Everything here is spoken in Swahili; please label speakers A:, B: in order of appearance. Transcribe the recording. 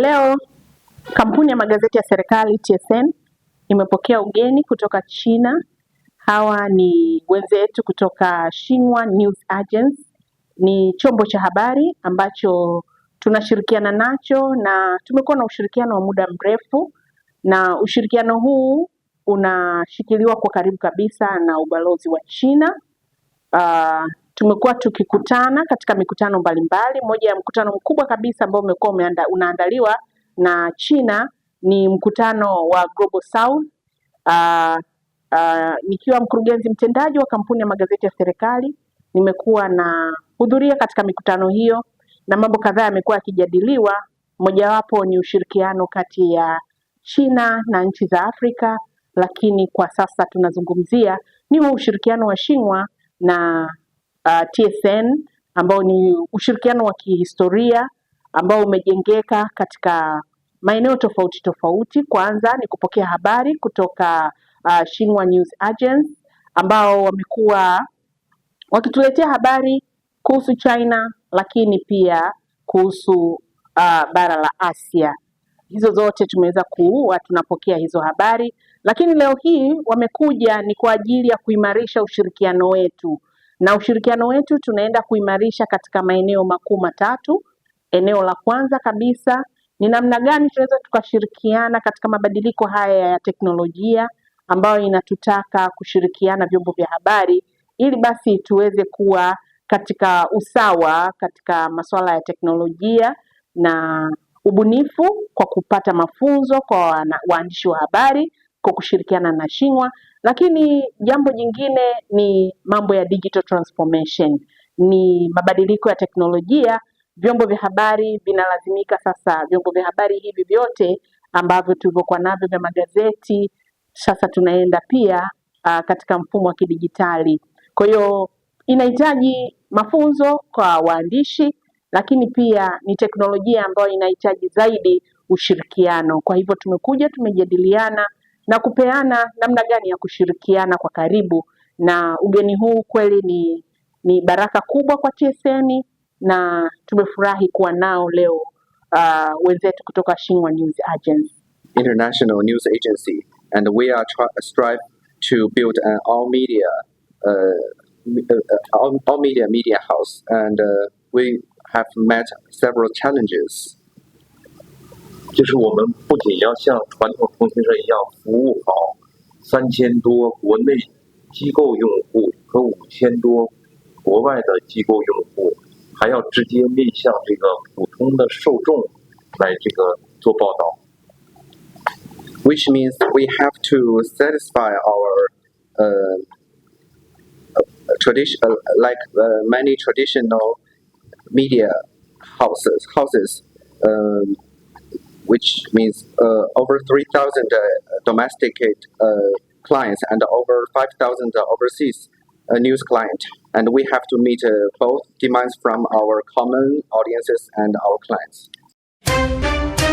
A: Leo kampuni ya magazeti ya serikali TSN imepokea ugeni kutoka China. Hawa ni wenzetu kutoka Xinhua News Agency, ni chombo cha habari ambacho tunashirikiana nacho na tumekuwa na ushirikiano wa muda mrefu, na ushirikiano huu unashikiliwa kwa karibu kabisa na ubalozi wa China uh, Tumekuwa tukikutana katika mikutano mbalimbali. Moja ya mkutano mkubwa kabisa ambao umekuwa unaandaliwa na China ni mkutano wa Global South. Uh, uh, nikiwa mkurugenzi mtendaji wa kampuni ya magazeti ya serikali nimekuwa na hudhuria katika mikutano hiyo na mambo kadhaa yamekuwa yakijadiliwa. Mojawapo ni ushirikiano kati ya China na nchi za Afrika, lakini kwa sasa tunazungumzia ni huu ushirikiano wa Shingwa na uh, TSN ambao ni ushirikiano wa kihistoria ambao umejengeka katika maeneo tofauti tofauti. Kwanza ni kupokea habari kutoka uh, Xinhua News Agency ambao wamekuwa wakituletea habari kuhusu China lakini pia kuhusu uh, bara la Asia. Hizo zote tumeweza kuwa uh, tunapokea hizo habari, lakini leo hii wamekuja ni kwa ajili ya kuimarisha ushirikiano wetu na ushirikiano wetu tunaenda kuimarisha katika maeneo makuu matatu. Eneo la kwanza kabisa ni namna gani tunaweza tukashirikiana katika mabadiliko haya ya teknolojia ambayo inatutaka kushirikiana vyombo vya habari ili basi tuweze kuwa katika usawa katika masuala ya teknolojia na ubunifu kwa kupata mafunzo kwa waandishi wa habari kwa kushirikiana na Shingwa. Lakini jambo jingine ni mambo ya digital transformation, ni mabadiliko ya teknolojia. Vyombo vya habari vinalazimika sasa, vyombo vya habari hivi vyote ambavyo tulivyokuwa navyo vya magazeti, sasa tunaenda pia uh, katika mfumo wa kidijitali. Kwa hiyo inahitaji mafunzo kwa waandishi, lakini pia ni teknolojia ambayo inahitaji zaidi ushirikiano. Kwa hivyo tumekuja tumejadiliana na kupeana namna gani ya kushirikiana kwa karibu, na ugeni huu kweli ni, ni baraka kubwa kwa TSN na tumefurahi kuwa nao leo uh, wenzetu kutoka Xinhua News Agency
B: International News Agency and we are strive to build an all media uh, uh, uh all media media house and uh, we have met several challenges
C: 就是我们不仅要像传统通讯社一样服务好三千多国内机构用户和五千多国外的机构用户，还要直接面向这个普通的受众来这个做报道。
B: Which means we have to satisfy our 呃 traditional like many traditional media houses houses 嗯。which means uh, over 3,000 uh, domesticated uh, clients and over 5,000 overseas news clients. And we have to meet both demands from our common audiences and our clients.